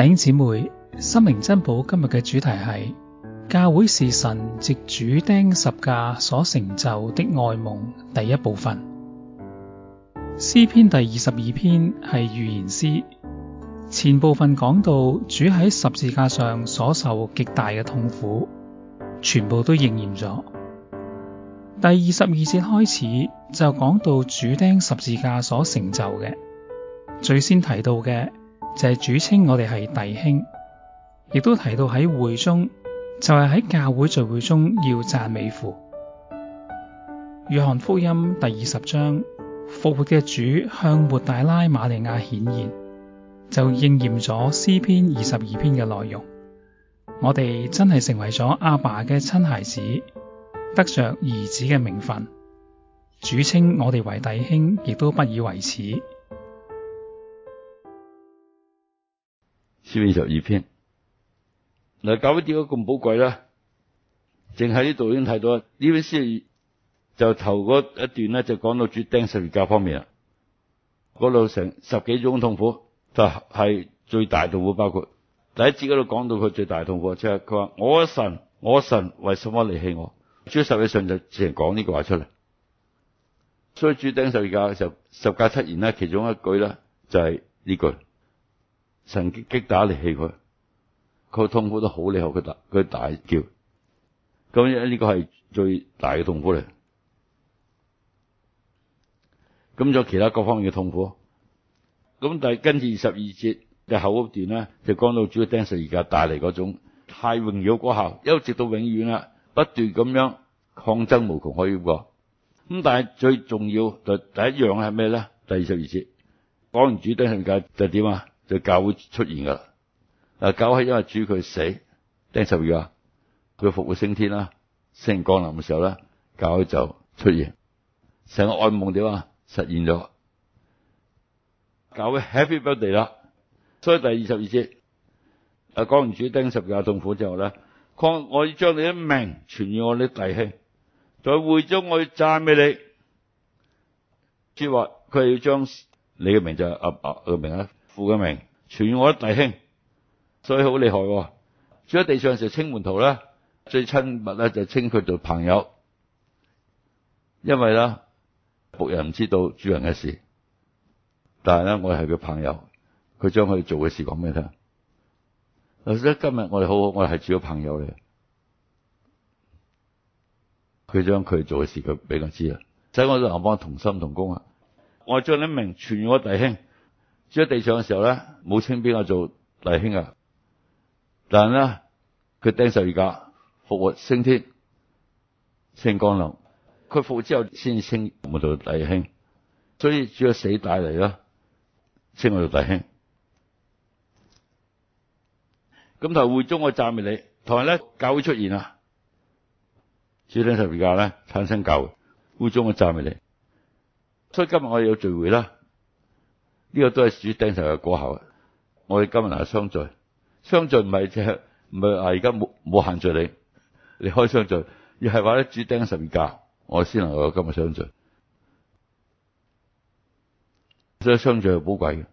弟兄姐妹，心靈珍寶今日嘅主題係教會是神藉主釘十架所成就的愛夢第一部分。詩篇第二十二篇係預言詩，前部分講到主喺十字架上所受極大嘅痛苦，全部都應驗咗。第二十二節開始就講到主釘十字架所成就嘅，最先提到嘅。就係、是、主稱我哋係弟兄，亦都提到喺會中就係、是、喺教會聚會中要讚美父。約翰福音第二十章復活嘅主向抹大拉瑪利亞顯現，就應驗咗詩篇二十二篇嘅內容。我哋真係成為咗阿爸嘅親孩子，得着兒子嘅名分。主稱我哋為弟兄，亦都不以為恥。《詩篇》十二篇，嗱教會點解咁寶貴啦，淨係呢度已經睇到。呢本書就頭嗰一段咧，就講到主釘十字架方面啦，嗰度成十幾種痛苦，就係、是、最大痛苦，包括第一節嗰度講到佢最大痛苦，即係佢話我神，我神為什麼離棄我？主十字架上就淨係講呢句話出嚟，所以主釘十字架嘅時候，十架七言咧，其中一句咧就係呢句。神擊打嚟氣佢，佢痛苦得好厲害，佢大佢大叫咁。呢個係最大嘅痛苦嚟。咁有其他各方面嘅痛苦。咁但係跟住二十二節嘅後一段咧，就講到主釘十字架帶嚟嗰種太榮耀嗰效，一直到永遠啦，不斷咁樣抗爭無窮，可以咁。咁但係最重要第第一樣係咩咧？第二十二節講完主釘十字架就點啊？就教會出現噶啦，嗱教會因為主佢死釘十架啊，佢復活升天啦，聖降臨嘅時候咧，教會就出現，成個愛夢點啊實現咗，教會 happy Birthday 啦。所以第二十二節，講講完主釘十架嘅痛苦之後咧，我我要將你嘅名傳與我哋弟兄，在會中我要讚美你，即係話佢要將你嘅名就阿阿嘅名啊。啊啊啊啊啊啊啊父嘅名傳我一弟兄，所以好厲害，哦。住喺地上嘅時候稱門徒啦，最親密咧就稱佢做朋友，因為咧僕人唔知道主人嘅事，但係咧我係佢朋友，佢將佢做嘅事講俾你聽。所以今日我哋好好，我哋係主嘅朋友嚟，佢將佢做嘅事佢俾我知啊。即係我哋南方同心同工啊！我將呢名傳我弟兄。住喺地上嘅時候咧，冇稱邊個做弟兄啊！但係咧，佢釘十字架復活升天，升光龍。佢復活之後先至稱我做弟兄，所以主嘅死帶嚟囉，稱我做弟兄。咁埋會中我讚美你，同埋咧教會出現啦，主釘十字架咧產生教會，會中我讚美你。所以今日我哋有聚會啦。呢、這個都係主釘十架嘅果效。我哋今日能相聚，相聚唔係即係唔係話而家冇冇限聚。你，你開相聚，而係話咧主釘咗十字架，我先能夠今日相聚。所以相聚係寶貴嘅，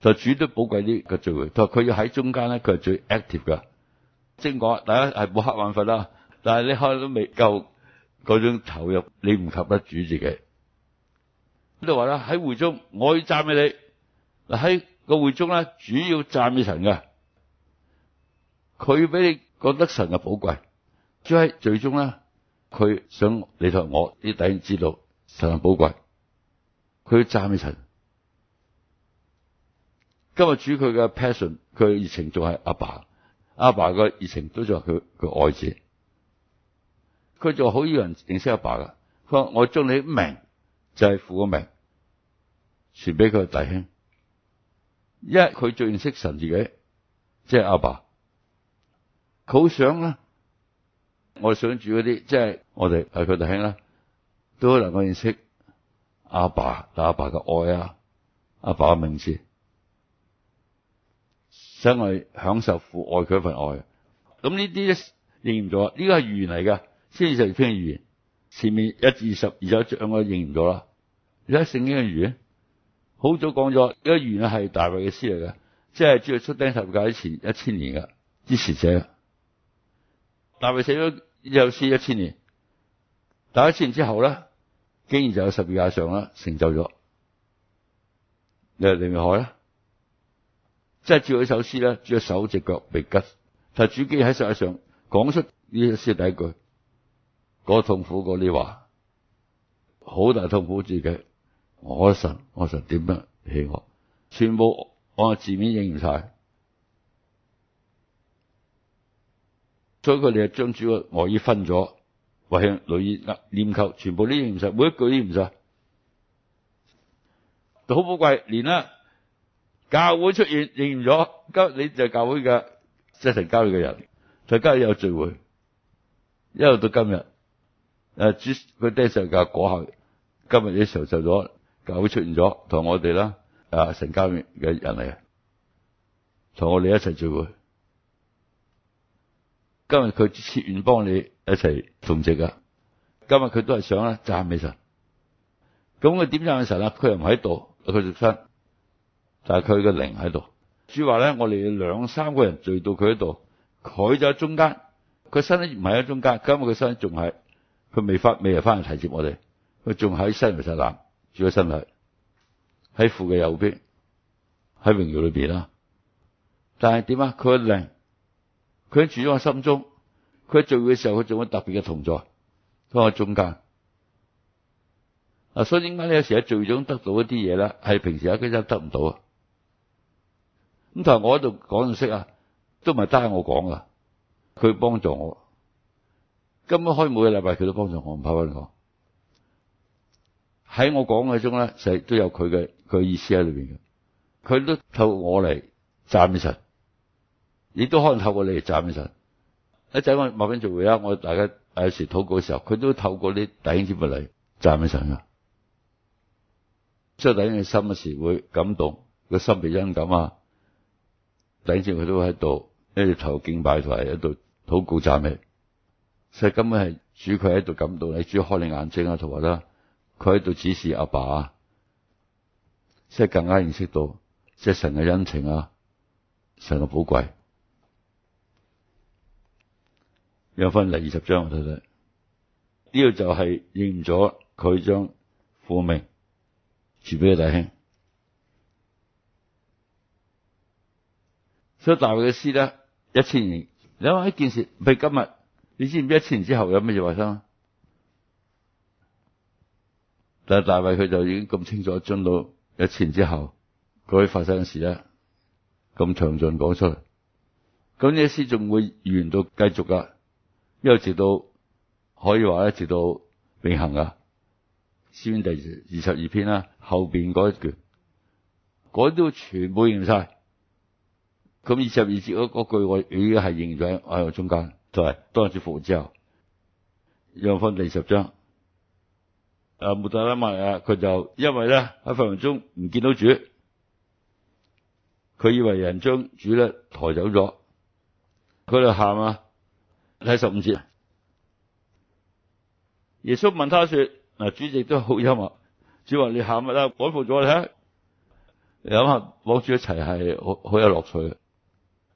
就是、主都寶貴啲個聚會。佢要喺中間咧，佢係最 active 噶。即係講，大家係冇黑眼瞓啦，但係你可能都未夠嗰種投入，你唔及得主自己。咁就話啦，喺會中我要讚俾你。嗱喺個會中咧，主要讚俾神嘅，佢俾你覺得神嘅寶貴，即係最終咧，佢想你同我你弟兄知道神嘅寶貴，佢要讚俾神。今日主佢嘅 passion，佢嘅熱情仲係阿爸，阿爸嘅熱情都就係佢佢愛子，佢就好要人認識阿爸噶，佢話，我將你名。就係父個名傳俾佢弟兄，因為佢最認識神自己，即係阿爸，佢好想咧，我想住嗰啲，即係我哋係佢弟兄啦，都可能夠認識阿爸，但阿爸嘅愛啊，阿爸嘅名字，想去享受父愛佢一份愛，咁呢啲認唔咗，呢個係預言嚟嘅，先至成篇預言。前面一至十二有我礙，認唔到啦。而家聖經嘅如咧，好早講咗，一如係大衛嘅詩嚟嘅，即係主要出釘十字架前一千年嘅支持者。大衛寫咗呢首詩一千年，但係一千年之後咧，竟然就有十字架上啦，成就咗。誒，你妙海啦，即係照佢首詩咧，著手隻腳被拮，但、就、係、是、主基喺世界上講出呢首詩第一句。嗰、那個、痛苦話，嗰啲話好大痛苦自己，我神我神點樣起我？全部按字面影唔晒，所以佢哋就將主要外衣分咗，為內衣念求，全部都影唔晒，每一句都影唔晒，好寶貴。連啦，教會出現影唔咗，今你就係教會嘅即成教會嘅人，在、就是、教、教會有聚會，一路到今日。誒，主佢釘十架嘅果效，今日呢啲成就咗，教會出現咗同我哋啦，啊，神家嘅人嚟啊，同我哋一齊聚會。今日佢設願幫你一齊同席噶今日佢都係想咧讚美神。咁佢點讚嘅神嘅時候，佢又唔喺度，佢就在身，但係佢嘅靈喺度。主話咧，我哋兩三個人聚到佢喺度，佢就喺中間，佢身咧唔係喺中間，今日佢身仲係。佢未翻，未日翻嚟提接我哋。佢仲喺西面西南住咗新界，喺父嘅右邊，喺榮耀裏邊啦。但係點啊？佢一零，佢喺住咗我心中，佢喺聚會嘅時候，佢仲有特別嘅同在，喺我中間。啊，所以點解你有時喺聚會中得到一啲嘢咧，係平時喺基督得唔到啊。咁但係我喺度講信息啊，都唔係單係我講噶，佢幫助我。今日開每個禮拜佢都幫助我，唔怕同你講，喺我講嘅中咧，成日都有佢嘅佢嘅意思喺裏邊嘅。佢都透過我嚟讚一神，亦都可能透過你嚟讚一神。一陣我冇邊聚會啦，我大家有時禱告嘅時候，佢都透過啲弟兄姊妹嚟讚一神噶。即係弟兄嘅心嗰時會感動，個心被恩感啊！弟兄佢都喺度，一直頭頸擺抬喺度禱告讚起。所以根本係主佢喺度感到你主要開你眼睛啊，同埋啦，佢喺度指示阿爸，爸，即係更加認識到即係神嘅恩情啊，神嘅寶貴。有翻嚟二十章，我睇睇，呢個就係應咗佢將父名傳俾佢弟兄。所以大衛嘅詩咧，一千年，你諗下一件事，譬如今日。你知唔知一千年之後有咩嘢發生？但大衛佢就已經咁清楚，進到一千之後佢會發生嘅事咧，咁詳盡講出嚟。咁呢一節仲會完到繼續噶，因為直到可以話咧，直到永恒㗎。詩篇第二十二篇啦，後邊嗰一句，嗰啲都全部認晒。咁二十二節嗰句，我已經係認咗喺我中間。係，當主復活之後，又翻第二十章。誒，抹大拉瑪啊，佢就因為咧喺墳墓中唔見到主，佢以為人將主咧抬走咗，佢就喊啊！睇十五節。耶穌問他說：嗱，主席都好幽默，主話你喊乜啦？改服咗你睇你諗下幫住一齊係好好有樂趣嘅，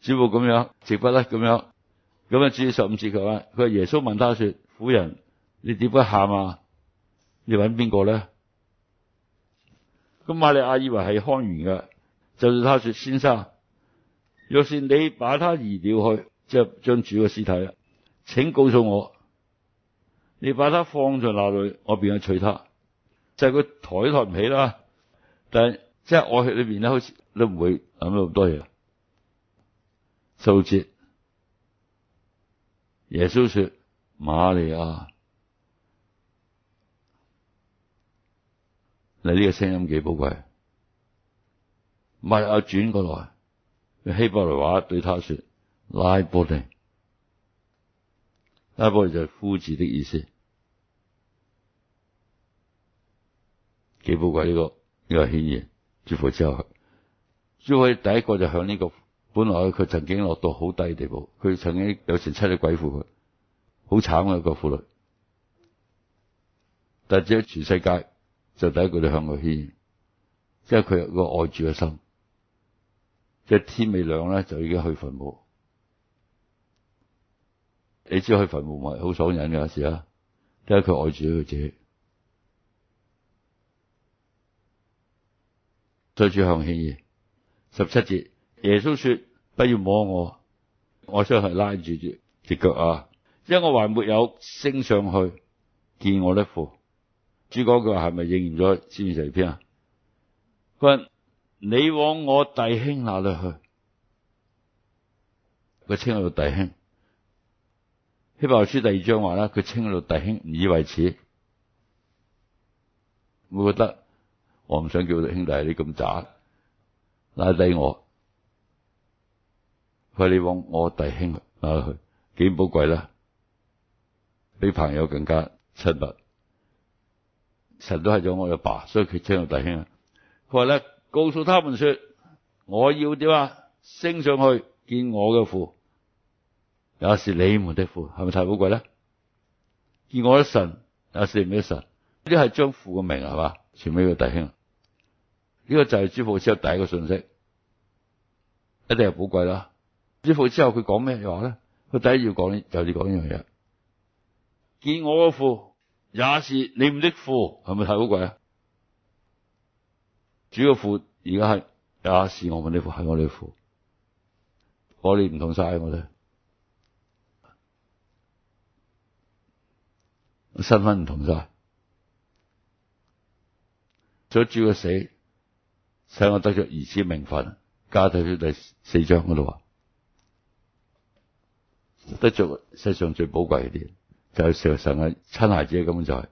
主仆咁樣，直不甩咁樣。咁啊，至十五節啊，佢話耶穌問他說：，婦人，你點解喊啊？你揾邊個咧？咁瑪利亞以為係看園嘅，就對他說：，先生，若是你把他移掉去，即係將主嘅屍體啦，請告訴我，你把他放在哪裡，我便去取他。就係、是、佢抬抬唔起啦，但係即係我血裏邊咧，好似都唔會諗到咁多嘢。數節。耶穌說：瑪利亞，你呢個聲音幾寶貴。瑪利亞轉過來，用希伯來話對他說：拉波尼，拉波尼就係夫子的意思，幾寶貴呢個呢個宣言，祝福之後，所以佢第一個就響呢個。本來佢曾經落到好低嘅地步，佢曾經有成七隻鬼附，佢好慘啊個婦女。但只係全世界就第一佢哋向佢獻，即係佢有個愛住嘅心，即係天未亮咧就已經去墳墓。你知去墳墓咪好爽癮嘅事啊？因為佢愛住咗佢自己，再住向獻二十七節。耶穌說：不要摸我，我需要拉住隻隻腳啊，因為我還沒有升上去見我的父。主講句話係咪應驗咗《啟示篇》啊？佢話你往我弟兄那裏去。佢稱佢做弟兄。希伯來書第二章話咧，佢稱佢做弟兄，唔以為恥。我覺得我唔想叫兄弟你咁渣拉低我。佢話你往我弟兄嗱去，幾寶貴啦？比朋友更加親密，神都係咗我嘅爸，所以佢稱我弟兄啊。佢話咧，告訴他們說，我要點啊？升上去見我嘅父，也是你們的父，係咪太寶貴咧？見我的神，也是你們的神，呢啲係將父嘅名係嘛？傳俾佢弟兄，呢、這個就係主復活後第一個信息，一定係寶貴啦。支付之後佢講咩嘢話咧？佢第一要講就係講呢樣嘢，見我嘅父也是你們的父，係咪太好鬼？主嘅父而家係也是我們呢父，係我哋嘅父，我哋唔同晒，我哋身份唔同晒。所以主嘅死使我得咗兒子名分，加睇佢第四章嗰度啊。得着世上最寶貴嘅啲，就係成日成日親孩子咁就係。